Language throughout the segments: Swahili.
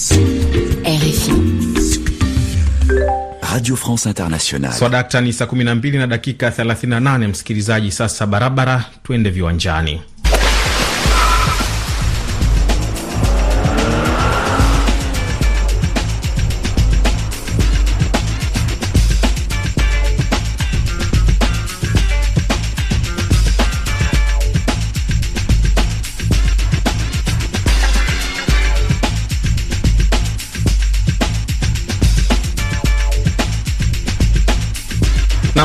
RFI Radio France Internationale. Swadakta ni saa 12 na dakika 38, msikilizaji. Sasa barabara, twende viwanjani.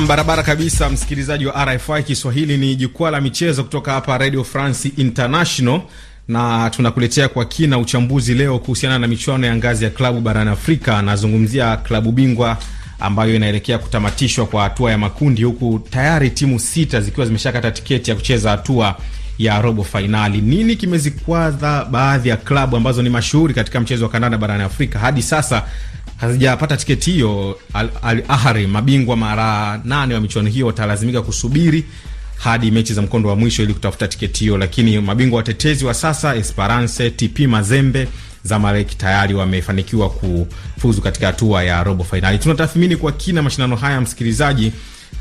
barabara kabisa, msikilizaji wa RFI Kiswahili, ni jukwaa la michezo kutoka hapa Radio France International, na tunakuletea kwa kina uchambuzi leo kuhusiana na michuano ya ngazi ya klabu barani Afrika. Anazungumzia klabu bingwa ambayo inaelekea kutamatishwa kwa hatua ya makundi, huku tayari timu sita zikiwa zimeshakata tiketi ya kucheza hatua ya robo fainali. Nini kimezikwaza baadhi ya klabu ambazo ni mashuhuri katika mchezo wa kandanda barani Afrika hadi sasa hazijapata tiketi hiyo, Al, Ahly mabingwa mara nane wa michuano hiyo watalazimika kusubiri hadi mechi za mkondo wa mwisho ili kutafuta tiketi hiyo, lakini mabingwa watetezi wa sasa Esperance TP Mazembe Zamalek tayari wamefanikiwa kufuzu katika hatua ya robo fainali. Tunatathmini kwa kina mashindano haya msikilizaji,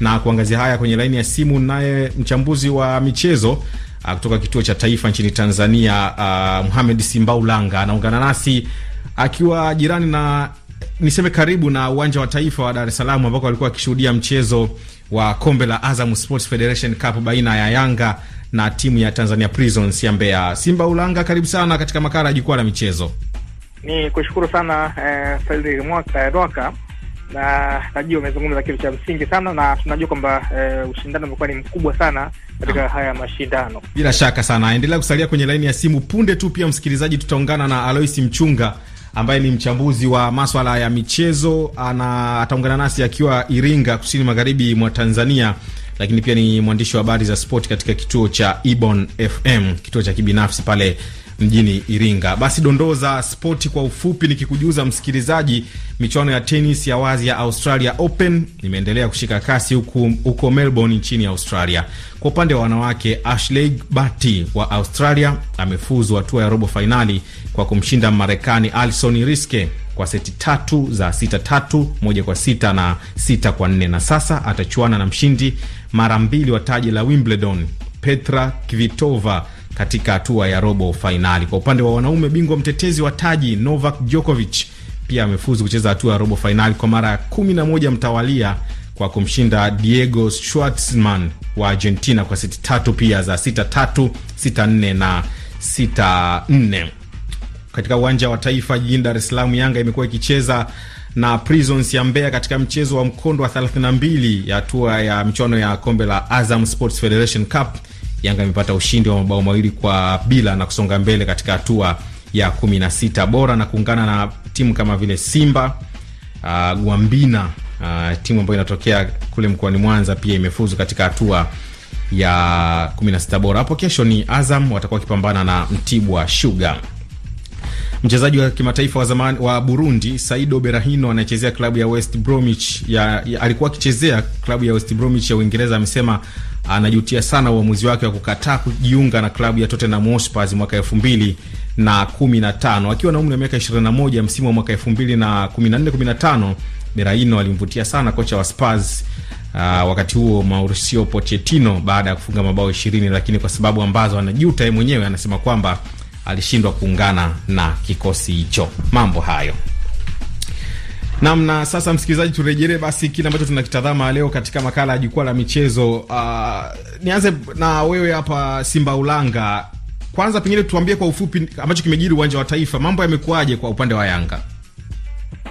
na kuangazia haya kwenye laini ya simu naye mchambuzi wa michezo ah, kutoka kituo cha taifa nchini Tanzania, uh, ah, Muhamed Simbaulanga anaungana nasi akiwa jirani na niseme karibu na uwanja wa taifa wa Dar es Salaam ambako walikuwa wakishuhudia mchezo wa kombe la Azam Sports Federation Cup baina ya Yanga na timu ya Tanzania Prisons ya Mbeya. Simba Ulanga, karibu sana katika makala ya jukwaa la michezo. Ni kushukuru sana eh, Fadhili Mwaka Dwaka eh, na najua umezungumza kitu cha msingi sana, na tunajua kwamba eh, ushindano umekuwa ni mkubwa sana katika no. haya mashindano. Bila shaka sana, endelea kusalia kwenye laini ya simu. Punde tu pia, msikilizaji, tutaungana na Alois Mchunga ambaye ni mchambuzi wa maswala ya michezo ana, ataungana nasi akiwa Iringa, kusini magharibi mwa Tanzania, lakini pia ni mwandishi wa habari za sport katika kituo cha Ibon FM, kituo cha kibinafsi pale mjini Iringa. Basi dondoo za spoti kwa ufupi, nikikujuza msikilizaji, michuano ya tenis ya wazi ya Australia Open imeendelea kushika kasi huko Melbourne nchini Australia. Kwa upande wa wanawake, Ashley Barty wa Australia amefuzu hatua ya robo fainali kwa kumshinda Marekani Alison Riske kwa seti tatu za sita tatu moja kwa sita na sita kwa nne na sasa atachuana na mshindi mara mbili wa taji la Wimbledon Petra Kvitova katika hatua ya robo fainali. Kwa upande wa wanaume, bingwa mtetezi wa taji Novak Djokovic pia amefuzu kucheza hatua ya robo fainali kwa mara ya kumi na moja mtawalia kwa kumshinda Diego Schwartzman wa Argentina kwa seti tatu pia za sita tatu, sita nne na sita nne. Katika uwanja wa taifa jijini Dar es Salaam, Yanga imekuwa ikicheza na Prisons ya Mbeya katika mchezo wa mkondo wa 32 ya hatua ya michuano ya kombe la Azam Sports Federation Cup Yanga imepata ushindi wa mabao mawili kwa bila na kusonga mbele katika hatua ya kumi na sita bora na kuungana na timu kama vile Simba, uh, Gwambina, uh, timu ambayo inatokea kule mkoani Mwanza pia imefuzu katika hatua ya kumi na sita bora. Hapo kesho ni Azam watakuwa wakipambana na Mtibwa Sugar. Mchezaji wa kimataifa wa zamani wa Burundi Saido Berahino anayechezea klabu ya West Bromwich ya, ya, alikuwa akichezea klabu ya West Bromwich ya Uingereza amesema anajutia sana uamuzi wake wa kukataa kujiunga na klabu ya Tottenham Hotspur mwaka mbili na tano akiwa na umri wa miaka 21. Msimu wa mwaka na tano Beraino alimvutia sana kocha wa Spurs uh, wakati huo Mauricio Pochettino, baada ya kufunga mabao ishirini, lakini kwa sababu ambazo anajuta yeye mwenyewe anasema kwamba alishindwa kuungana na kikosi hicho. Mambo hayo. Namna sasa, msikilizaji, turejelee basi kile ambacho tunakitazama leo katika makala ya jukwaa la michezo. Uh, nianze na wewe hapa Simba Ulanga. Kwanza pengine tuambie kwa ufupi ambacho kimejiri uwanja wa Taifa, mambo yamekuaje kwa upande wa Yanga?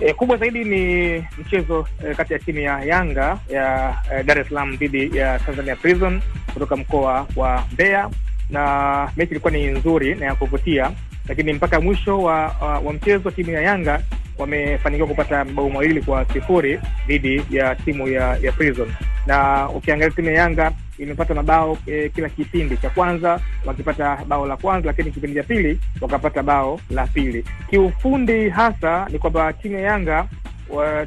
E, kubwa zaidi ni mchezo e, kati ya timu ya Yanga ya e, Dar es Salaam dhidi ya Tanzania Prison kutoka mkoa wa Mbeya, na mechi ilikuwa ni nzuri na ya kuvutia, lakini mpaka mwisho wa, wa, wa mchezo timu ya Yanga wamefanikiwa kupata mabao mawili kwa sifuri dhidi ya timu ya, ya Prison na ukiangalia timu ya Yanga imepata mabao e, kila kipindi cha kwanza wakipata bao la kwanza, lakini kipindi cha pili wakapata bao la pili. Kiufundi hasa ni kwamba timu ya Yanga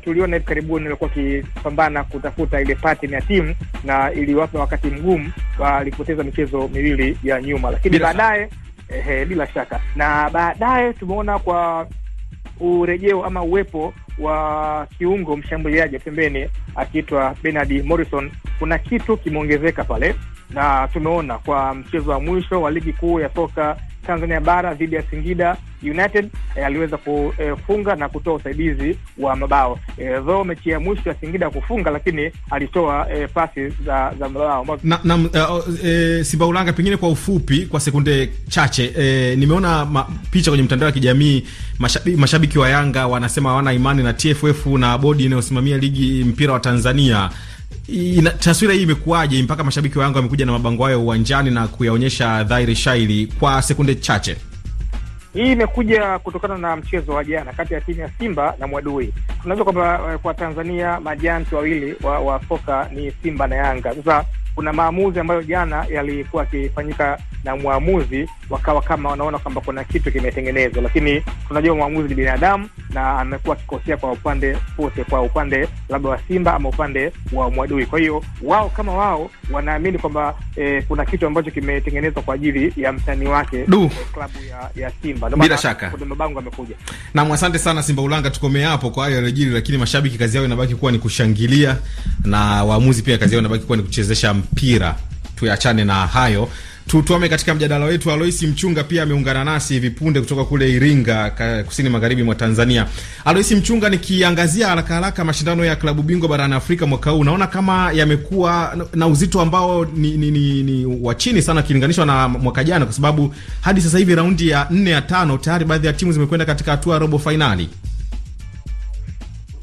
tuliona hivi karibuni walikuwa wakipambana kutafuta ile pattern ya timu na iliwapa wakati mgumu, walipoteza michezo miwili ya nyuma, lakini baadaye bila shaka na baadaye tumeona kwa urejeo ama uwepo wa kiungo mshambuliaji pembeni akiitwa Bernard Morrison, kuna kitu kimeongezeka pale, na tumeona kwa mchezo wa mwisho wa ligi kuu ya soka Tanzania bara dhidi ya Singida United eh, aliweza kufunga eh, na kutoa usaidizi wa mabao e, though mechi ya mwisho ya Singida kufunga, lakini alitoa e, pasi za, za mabao na, na, uh, eh, oh, eh Sibaulanga, pengine kwa ufupi, kwa sekunde chache eh, nimeona ma, picha kwenye mtandao wa kijamii mashabiki, mashabiki wa Yanga wanasema hawana imani na TFF na bodi inayosimamia ligi mpira wa Tanzania ina, taswira hii imekuwaje mpaka mashabiki wa Yanga wamekuja na mabango hayo uwanjani na kuyaonyesha dhahiri shaili kwa sekunde chache? Hii imekuja kutokana na mchezo wa jana kati ya timu ya Simba na Mwadui. tunajua kwamba eh, kwa Tanzania majanti wawili wa, wa soka ni Simba na Yanga. Sasa kuna maamuzi ambayo jana yalikuwa yakifanyika na mwamuzi, wakawa kama wanaona kwamba kuna kitu kimetengenezwa, lakini tunajua mwamuzi ni binadamu na amekuwa akikosea kwa upande wote, kwa upande labda wa Simba ama upande wa mwadui. Kwa hiyo wao kama wao wanaamini kwamba eh, kuna kitu ambacho kimetengenezwa kwa ajili ya msanii wake eh, klabu ya, ya Simba. Bila shaka kuna mabango amekuja nam. Asante sana Simba Ulanga, tukomee hapo kwa hayo yanajiri, lakini mashabiki kazi yao inabaki kuwa ni kushangilia na waamuzi pia kazi yao inabaki kuwa ni kuchezesha mpira. Tuyachane na hayo, tutuame katika mjadala wetu. Aloisi Mchunga pia ameungana nasi hivi punde kutoka kule Iringa, kusini magharibi mwa Tanzania. Aloisi Mchunga, nikiangazia haraka haraka mashindano ya klabu bingwa barani Afrika mwaka huu, naona kama yamekuwa na uzito ambao ni, ni, ni, ni wa chini sana ukilinganishwa na mwaka jana, kwa sababu hadi sasa hivi raundi ya nne ya tano tayari baadhi ya timu zimekwenda katika hatua ya robo fainali.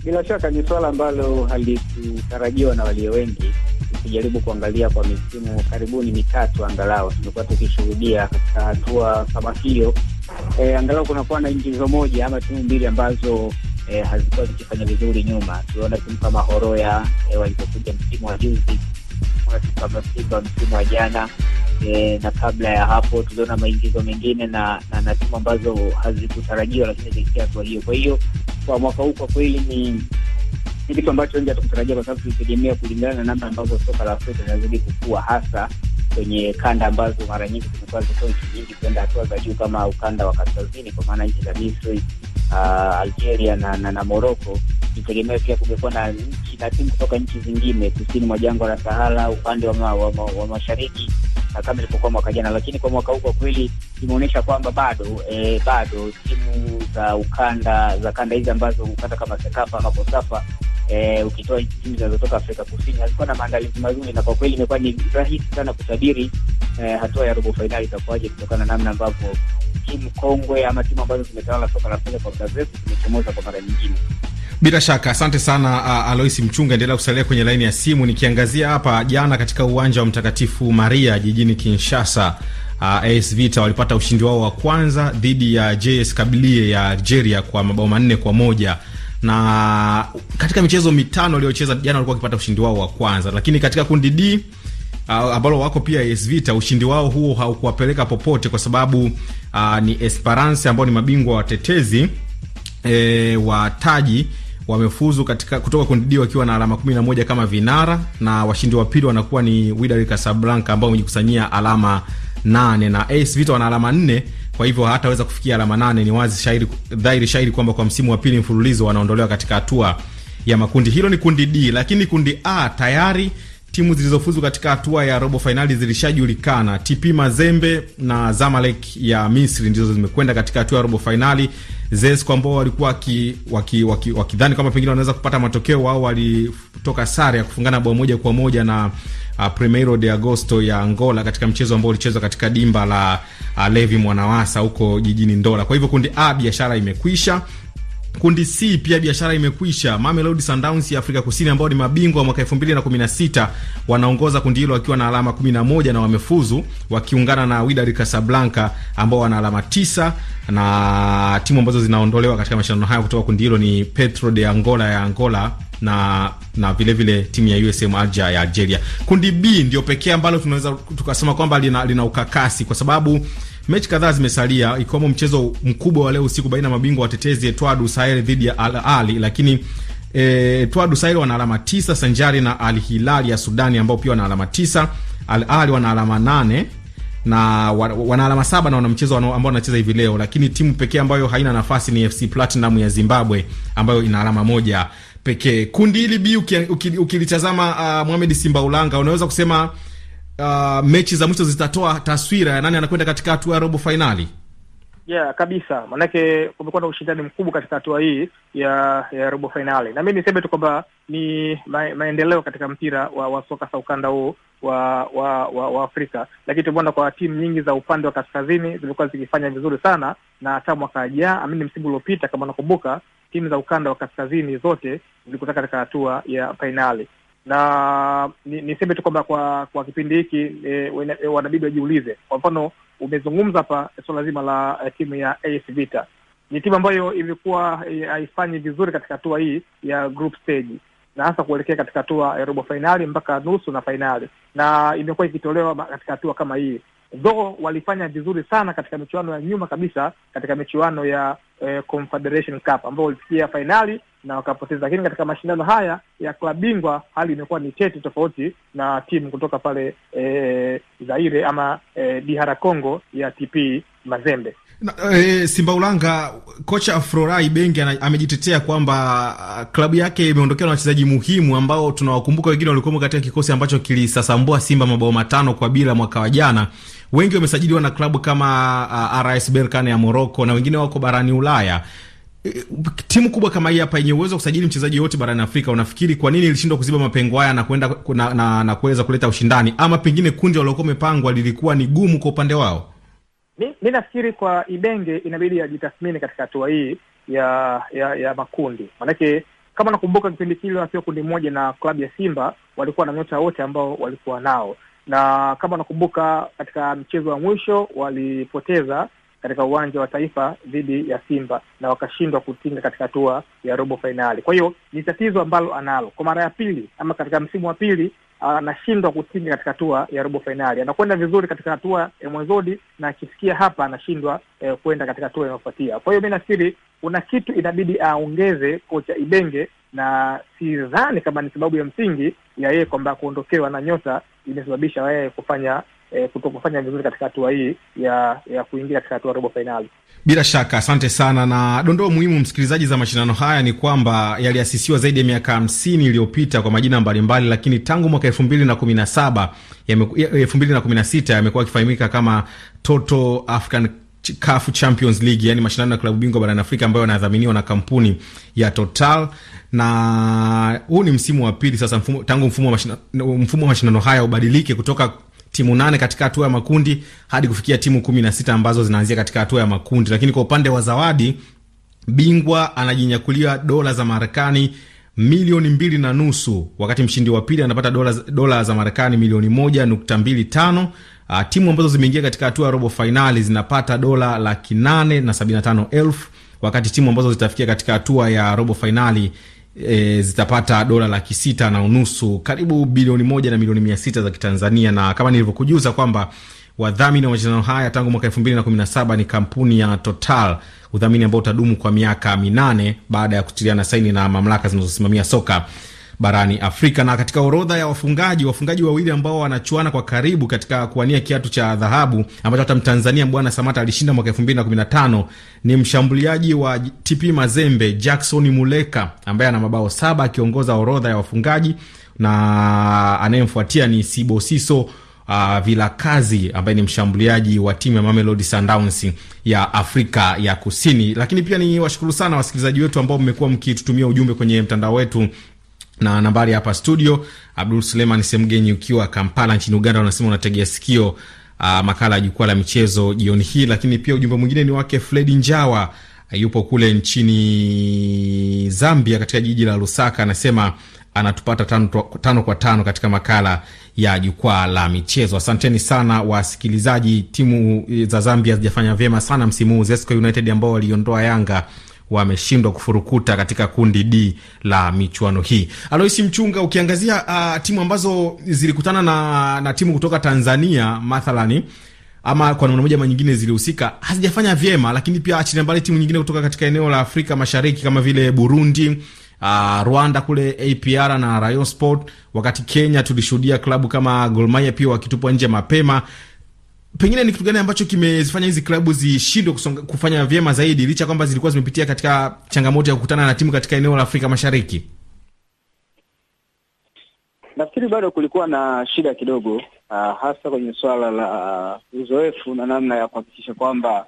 Bila shaka ni swala ambalo halikutarajiwa na walio wengi. Tukijaribu kuangalia kwa misimu karibuni mitatu, angalau tumekuwa tukishuhudia katika hatua kama hiyo e, angalau kunakuwa na ingizo moja ama timu mbili ambazo e, hazikuwa zikifanya vizuri nyuma. Tuliona timu kama Horoya e, walipokuja msimu wa juzi, Simba msimu wa jana e, na kabla ya hapo tuliona maingizo mengine na na, na timu ambazo hazikutarajiwa, lakini zilifikia hatua hiyo. Kwa hiyo kwa mwaka huu kwa kweli ni ni kitu ambacho wengi hatukutarajia, kwa sababu tulitegemea kulingana na namna ambavyo soka la Afrika linazidi kukua, hasa kwenye kanda ambazo mara nyingi zimekuwa zikiwa nchi nyingi kwenda hatua za juu kama ukanda wa kaskazini, kwa maana nchi za Misri, uh, Algeria na, na, na Moroko. Tulitegemea pia kumekuwa na nchi na timu kutoka nchi zingine kusini mwa jangwa la Sahara, upande wa, ma, wa, wa mashariki kama ilipokuwa mwaka jana, lakini kwa mwaka huu kwa kweli zimeonyesha kwamba bado e, bado timu za ukanda za kanda hizi ambazo ukanda kama Sekafa ama Kosafa e, eh, ukitoa timu zinazotoka Afrika Kusini hazikuwa na maandalizi mazuri, na kwa kweli imekuwa ni rahisi sana kutabiri e, eh, hatua ya robo fainali itakuwaje kutokana na namna ambavyo timu kongwe ama timu ambazo zimetawala soka la Afrika kwa muda mrefu zimechomoza kwa mara nyingine. Bila shaka asante sana uh, Aloisi Mchunga, endelea kusalia kwenye laini ya simu. Nikiangazia hapa jana katika uwanja wa Mtakatifu Maria jijini Kinshasa, uh, ah, AS Vita walipata ushindi wao wa kwanza dhidi ya JS Kabylie ya Algeria kwa mabao manne kwa moja na katika michezo mitano waliocheza jana walikuwa wakipata ushindi wao wa kwanza, lakini katika kundi D uh, ambalo wako pia AS Vita, ushindi wao huo haukuwapeleka popote kwa sababu uh, ni Esperance ambao ni mabingwa watetezi e, wa taji wamefuzu katika kutoka kundi D wakiwa na alama 11 kama vinara, na washindi wa pili wanakuwa ni Wydad Casablanca ambao wamejikusanyia alama 8 na AS Vita wana alama 4 kwa hivyo hataweza kufikia alama nane. Ni wazi dhahiri shairi kwamba kwa msimu wa pili mfululizo wanaondolewa katika hatua ya makundi. Hilo ni kundi D, lakini kundi A tayari timu zilizofuzu katika hatua ya robo fainali zilishajulikana. TP Mazembe na Zamalek ya Misri ndizo zimekwenda katika hatua ya robo fainali Zesco ambao walikuwa wakidhani waki, waki, waki kama pengine wanaweza kupata matokeo, wao walitoka sare ya kufungana bao moja kwa moja na uh, Primeiro de Agosto ya Angola katika mchezo ambao ulichezwa katika dimba la uh, Levi Mwanawasa huko jijini Ndola. Kwa hivyo kundi A biashara imekwisha. Kundi C pia biashara imekwisha. Mamelodi Sundowns ya Afrika Kusini ambao ni mabingwa wa mwaka 2016 wanaongoza kundi hilo wakiwa na alama 11 na wamefuzu, wakiungana na Wydad Casablanca ambao wana alama 9 na timu ambazo zinaondolewa katika mashindano haya kutoka kundi hilo ni Petro de Angola ya Angola na na vile vile timu ya USM Alger ya Algeria. Kundi B ndio pekee ambalo tunaweza tukasema kwamba lina, lina ukakasi kwa sababu Mechi kadhaa zimesalia ikiwemo mchezo mkubwa wa leo usiku baina ya mabingwa watetezi Etoile du Sahel dhidi ya Al Ahly, lakini eh, Etoile du Sahel wana alama tisa sanjari na Al Hilal ya Sudani ambao pia wana alama tisa. Al Ahly wana alama nane na wana alama saba na wana mchezo ambao wanacheza hivi leo, lakini timu pekee ambayo haina nafasi ni FC Platinum ya Zimbabwe ambayo ina alama moja pekee. Kundi hili B ukilitazama, uki, uki, uki uh, ah, Mohamed Simbaulanga, unaweza kusema uh, mechi za mwisho zitatoa taswira ya nani anakwenda katika hatua ya robo fainali. Yeah, kabisa, maanake kumekuwa na ushindani mkubwa katika hatua hii ya ya robo fainali, na mi niseme tu kwamba ni ma, maendeleo katika mpira wa, wa soka sa ukanda huu wa wa wa, wa Afrika, lakini tumeona kwa timu nyingi za upande wa kaskazini zimekuwa zikifanya vizuri sana, na hata mwaka jana amini, msimu uliopita kama unakumbuka, timu za ukanda wa kaskazini zote zilikutana katika hatua ya fainali na niseme tu kwamba kwa kwa kipindi hiki e, e, wanabidi wajiulize. Kwa mfano umezungumza hapa suala zima la e, timu ya AS Vita ni timu ambayo imekuwa e, haifanyi vizuri katika hatua hii ya group stage na hasa kuelekea katika hatua ya robo fainali mpaka nusu na fainali, na imekuwa ikitolewa katika hatua kama hii though walifanya vizuri sana katika michuano ya nyuma kabisa, katika michuano ya eh, Confederation Cup ambao walifikia fainali na wakapoteza, lakini katika mashindano haya ya klabu bingwa hali imekuwa ni tete tofauti, na timu kutoka pale eh, Zaire ama eh, Dihara Congo ya TP Mazembe. E, Simba Ulanga, kocha Frorai Bengi amejitetea kwamba ah, klabu yake imeondokewa na wachezaji muhimu ambao tunawakumbuka, wengine walikuwemo katika kikosi ambacho kilisasambua Simba mabao matano kwa bila mwaka wa jana wengi wamesajiliwa na klabu kama uh, RS Berkane ya Morocco na wengine wako barani Ulaya. Eh, timu kubwa kama hii hapa yenye uwezo wa kusajili mchezaji yote barani Afrika, unafikiri kwa nini ilishindwa kuziba mapengo haya na kuenda na, na, na kuweza kuleta ushindani, ama pengine kundi waliokuwa wamepangwa lilikuwa ni gumu kwa upande wao? Mi nafikiri kwa Ibenge inabidi ajitathmini katika hatua hii ya ya, ya makundi, manake kama nakumbuka kipindi kile wakiwa kundi moja na klabu ya Simba walikuwa na nyota wote ambao walikuwa nao, na kama unakumbuka, katika mchezo wa mwisho walipoteza katika uwanja wa Taifa dhidi ya Simba na wakashindwa kutinga katika hatua ya robo fainali. Kwa hiyo ni tatizo ambalo analo kwa mara ya pili ama katika msimu wa pili anashindwa ah, kutinga katika hatua ya robo fainali. Anakwenda vizuri katika hatua ya mwezodi, na akifikia hapa anashindwa eh, kuenda katika hatua inayofuatia. Kwa hiyo mi nafikiri kuna kitu inabidi aongeze kocha Ibenge, na sidhani kama ni sababu ya msingi ya yeye kwamba kuondokewa na nyota imesababisha yeye kufanya e, kutokufanya vizuri katika hatua hii ya ya kuingia katika hatua robo fainali. Bila shaka, asante sana. Na dondoo muhimu, msikilizaji, za mashindano haya ni kwamba yaliasisiwa zaidi ya miaka hamsini iliyopita kwa majina mbalimbali, lakini tangu mwaka elfu mbili na kumi na saba elfu mbili na kumi na sita yamekuwa yakifahamika kama Toto African CAF Champions League, yani mashindano ya klabu bingwa barani Afrika ambayo yanadhaminiwa na kampuni ya Total. Na huu ni msimu wa pili sasa mfumo, tangu mfumo wa mashindano haya ubadilike kutoka timu nane katika hatua ya makundi hadi kufikia timu kumi na sita ambazo zinaanzia katika hatua ya makundi. Lakini kwa upande wa zawadi, bingwa anajinyakulia dola za Marekani milioni mbili na nusu wakati mshindi wa pili anapata dola, dola za Marekani milioni moja nukta mbili tano. Ah, timu ambazo zimeingia katika hatua ya robo fainali zinapata dola laki nane na sabini na tano elfu wakati timu ambazo zitafikia katika hatua ya robo fainali e, zitapata dola laki sita na unusu, karibu bilioni moja na milioni mia sita za Kitanzania, na kama nilivyokujuza kwamba wadhamini wa mashindano haya tangu mwaka elfu mbili na kumi na saba ni kampuni ya Total, udhamini ambao utadumu kwa miaka minane baada ya kutiliana saini na mamlaka zinazosimamia soka barani Afrika. Na katika orodha ya wafungaji, wafungaji wawili ambao wanachuana kwa karibu katika kuwania kiatu cha dhahabu ambacho hata Mtanzania Bwana Samata alishinda mwaka 2015 ni mshambuliaji wa TP Mazembe Jackson Muleka ambaye ana mabao saba akiongoza orodha ya wafungaji, na anayemfuatia ni Sibosiso Uh, Vilakazi ambaye ni mshambuliaji wa timu ya Mamelodi Sundowns ya Afrika ya Kusini. Lakini pia ni washukuru sana wasikilizaji wetu ambao mmekuwa mkitutumia ujumbe kwenye mtandao wetu na nambari hapa studio. Abdul Suleiman Semgenyi ukiwa Kampala nchini Uganda, unasema unategea sikio uh, makala ya jukwaa la michezo jioni hii. Lakini pia ujumbe mwingine ni wake Fredi Njawa, eh, yupo kule nchini Zambia katika jiji la Lusaka, anasema anatupata tano, tano kwa tano katika makala ya jukwaa la michezo. Asanteni sana wasikilizaji. Timu eh, za Zambia zijafanya vyema sana msimu huu, Zesco United ambao waliondoa Yanga wameshindwa kufurukuta katika kundi D la michuano hii. Aloisi Mchunga, ukiangazia uh, timu ambazo zilikutana na, na timu kutoka Tanzania mathalani ama kwa namna moja ama nyingine zilihusika, hazijafanya vyema, lakini pia achilia mbali timu nyingine kutoka katika eneo la Afrika Mashariki kama vile Burundi, uh, Rwanda kule APR na Rayon Sport, wakati Kenya tulishuhudia klabu kama Gor Mahia pia wakitupwa nje mapema pengine ni kitu gani ambacho kimezifanya hizi klabu zishindwe kufanya vyema zaidi licha kwamba zilikuwa zimepitia katika changamoto ya kukutana na timu katika eneo la Afrika Mashariki? Nafikiri bado kulikuwa na shida kidogo, uh, hasa kwenye suala la uh, uzoefu na namna ya kuhakikisha kwamba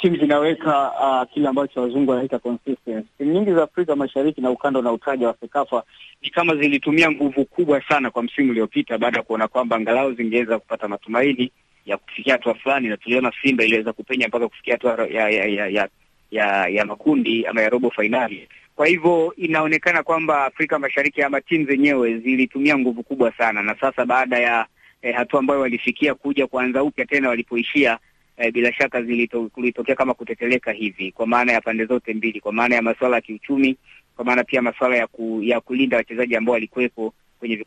timu zinaweka uh, kile ambacho wazungu wanaita consistency. Timu nyingi za Afrika Mashariki na ukanda utaja wa Sekafa ni kama zilitumia nguvu kubwa sana kwa msimu uliopita, baada ya kuona kwamba angalau zingeweza kupata matumaini ya kufikia hatua fulani, na tuliona Simba iliweza kupenya mpaka kufikia hatua ya, ya, ya, ya, ya, ya makundi ama ya robo fainali. Kwa hivyo inaonekana kwamba Afrika Mashariki ama timu zenyewe zilitumia nguvu kubwa sana, na sasa baada ya eh, hatua ambayo walifikia kuja kuanza upya tena walipoishia eh, bila shaka kulitokea kama kuteteleka hivi, kwa maana ya pande zote mbili, kwa maana ya masuala ya kiuchumi, kwa maana pia masuala ya, ku, ya kulinda wachezaji ambao walikuwepo kwenye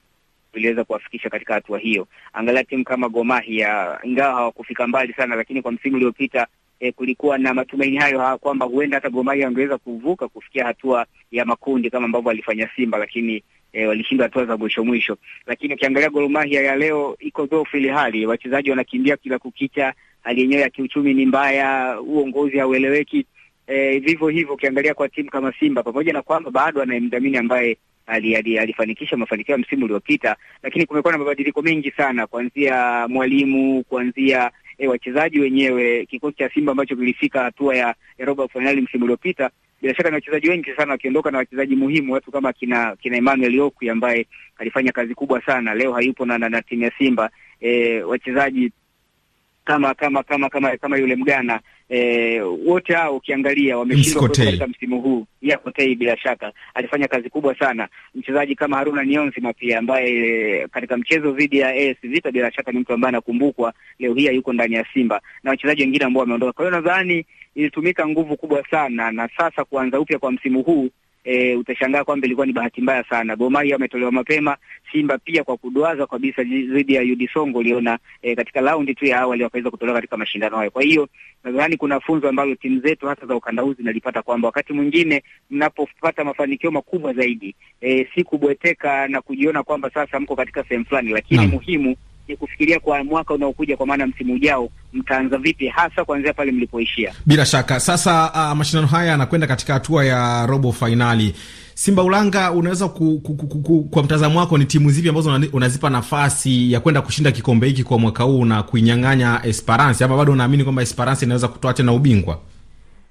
iliweza kuwafikisha katika hatua hiyo. Angalia timu kama Gor Mahia, ingawa hawakufika mbali sana, lakini kwa msimu uliopita E, kulikuwa na matumaini hayo kwamba huenda hata Gor Mahia wangeweza kuvuka kufikia hatua ya makundi kama ambavyo walifanya Simba, lakini e, walishindwa hatua za mwisho mwisho. Lakini ukiangalia Gor Mahia ya leo iko dhaifu, ile hali wachezaji wanakimbia kila kukicha, hali yenyewe ya kiuchumi ni mbaya, uongozi haueleweki. E, vivyo hivyo ukiangalia kwa timu kama Simba, pamoja na kwamba bado anayemdhamini ambaye alifanikisha mafanikio ya msimu uliopita, lakini kumekuwa na mabadiliko mengi sana, kuanzia mwalimu, kuanzia e, wachezaji wenyewe. Kikosi cha Simba ambacho kilifika hatua ya, ya robo fainali msimu uliopita bila shaka ni wachezaji wengi sana wakiondoka, na wachezaji muhimu, watu kama kina kina Emmanuel Okwi ambaye alifanya kazi kubwa sana, leo hayupo na, na, na timu ya Simba. E, wachezaji kama kama kama kama kama yule Mgana e, wote hao ukiangalia wameshindwa katika msimu huu. Ya Kotei bila shaka alifanya kazi kubwa sana. Mchezaji kama Haruna nionzima pia ambaye e, katika mchezo dhidi ya AS Vita bila shaka ni mtu ambaye anakumbukwa, leo hii yuko ndani ya Simba na wachezaji wengine ambao wameondoka. Kwa hiyo nadhani ilitumika nguvu kubwa sana, na sasa kuanza upya kwa msimu huu e, utashangaa kwamba ilikuwa ni bahati mbaya sana. Gor Mahia wametolewa mapema, Simba pia kwa kudwaza kabisa dhidi ya UD Songo, uliona e, katika raundi tu ya awali wakaweza kutolewa katika mashindano hayo. Kwa hiyo nadhani kuna funzo ambalo timu zetu hasa za ukanda huu zinalipata kwamba wakati mwingine mnapopata mafanikio makubwa zaidi e, si kubweteka na kujiona kwamba sasa mko katika sehemu fulani, lakini no. muhimu ni kufikiria kwa mwaka unaokuja, kwa maana msimu ujao mtaanza vipi, hasa kuanzia pale mlipoishia. Bila shaka sasa, uh, mashindano haya yanakwenda katika hatua ya robo fainali. Simba Ulanga, unaweza ku, ku, ku, ku, kwa mtazamo wako ni timu zipi ambazo unazipa nafasi ya kwenda kushinda kikombe hiki kwa mwaka huu na kuinyang'anya Esperance, ama bado unaamini kwamba Esperance inaweza kutoa tena ubingwa?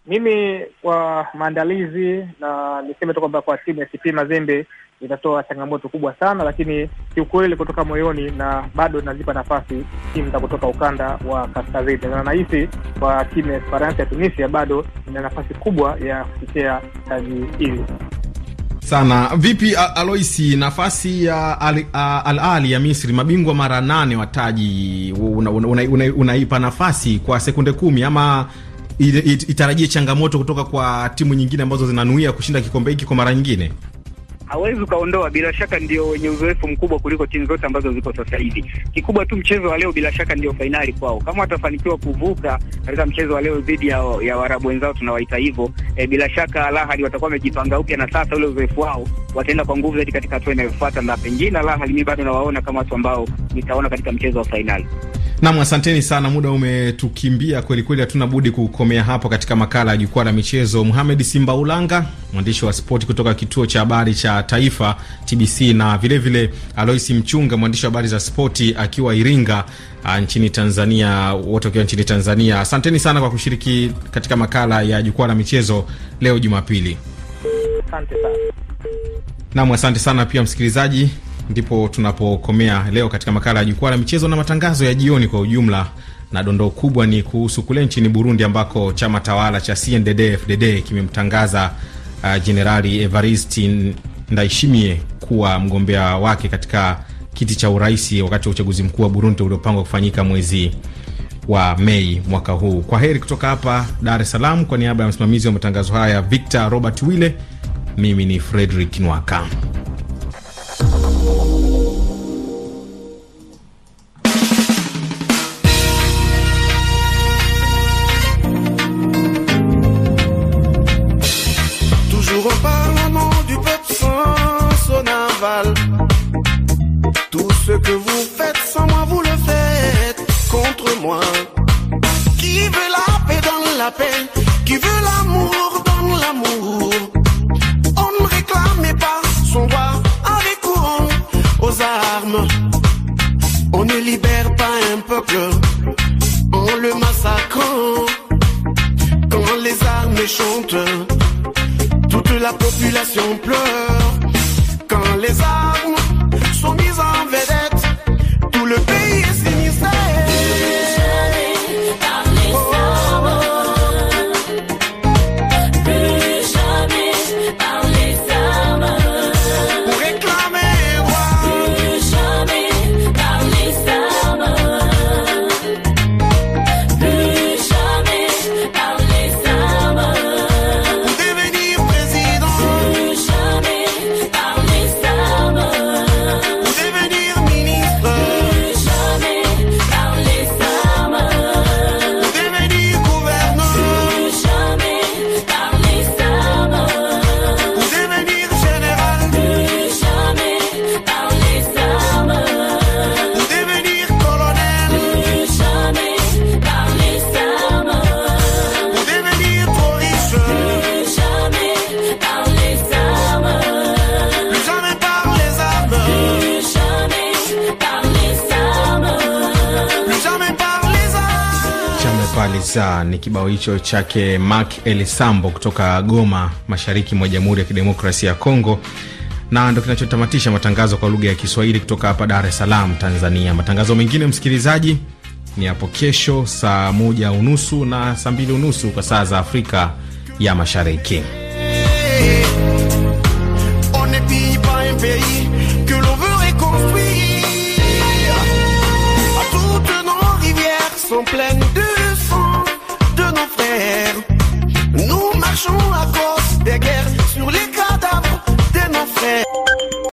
Mimi kwa maandalizi na niseme tu kwamba kwa timu ya CP Mazembe itatoa changamoto kubwa sana, lakini kiukweli kutoka moyoni na bado inazipa nafasi timu za kutoka ukanda wa kaskazini, na nahisi kwa timu ya Esperance ya Tunisia bado ina nafasi kubwa ya kufikia taji hili sana. Vipi Aloisi, nafasi ya Al Ahly ya Misri, mabingwa mara nane wa taji, unaipa una, una, una nafasi kwa sekunde kumi ama itarajie changamoto kutoka kwa timu nyingine ambazo zinanuia kushinda kikombe hiki kwa mara nyingine? hawezi ukaondoa, bila shaka ndio wenye uzoefu mkubwa kuliko timu zote ambazo ziko sasa hivi. Kikubwa tu mchezo wa leo bila shaka ndio fainali kwao, kama watafanikiwa kuvuka katika mchezo wa leo dhidi ya, ya Waarabu wenzao tunawaita hivyo e, bila shaka Al Ahly watakuwa wamejipanga upya, na sasa ule uzoefu wao wataenda kwa nguvu zaidi katika hatua inayofuata, na pengine Al Ahly mimi bado nawaona kama watu ambao nitaona katika mchezo wa fainali. Nam, asanteni sana, muda umetukimbia kwelikweli, hatuna budi kukomea hapo katika makala ya jukwaa la michezo. Muhamed Simbaulanga, mwandishi wa spoti kutoka kituo cha habari cha taifa TBC, na vilevile Alois Mchunga, mwandishi wa habari za spoti akiwa Iringa ah, nchini Tanzania, wote wakiwa nchini Tanzania. Asanteni sana kwa kushiriki katika makala ya jukwaa la michezo leo Jumapili. Nam, asante sana pia msikilizaji ndipo tunapokomea leo katika makala ya jukwaa la michezo na matangazo ya jioni kwa ujumla, na dondoo kubwa ni kuhusu kule nchini Burundi ambako chama tawala cha CNDD-FDD kimemtangaza Jenerali uh, ndaishimie kuwa mgombea wake katika kiti cha uraisi wakati wa uchaguzi mkuu wa Burundi uliopangwa kufanyika mwezi wa Mei mwaka huu. Kwa heri kutoka hapa Dar es Salaam, kwa niaba ya msimamizi wa matangazo haya Victor Robert Wille, mimi ni Fredrick Nwaka. Faliza ni kibao hicho chake Mark Elisambo kutoka Goma, mashariki mwa Jamhuri ya Kidemokrasia ya Kongo, na ndo kinachotamatisha matangazo kwa lugha ya Kiswahili kutoka hapa Dar es Salaam, Tanzania. Matangazo mengine, msikilizaji, ni hapo kesho saa moja unusu na saa mbili unusu kwa saa za Afrika ya Mashariki.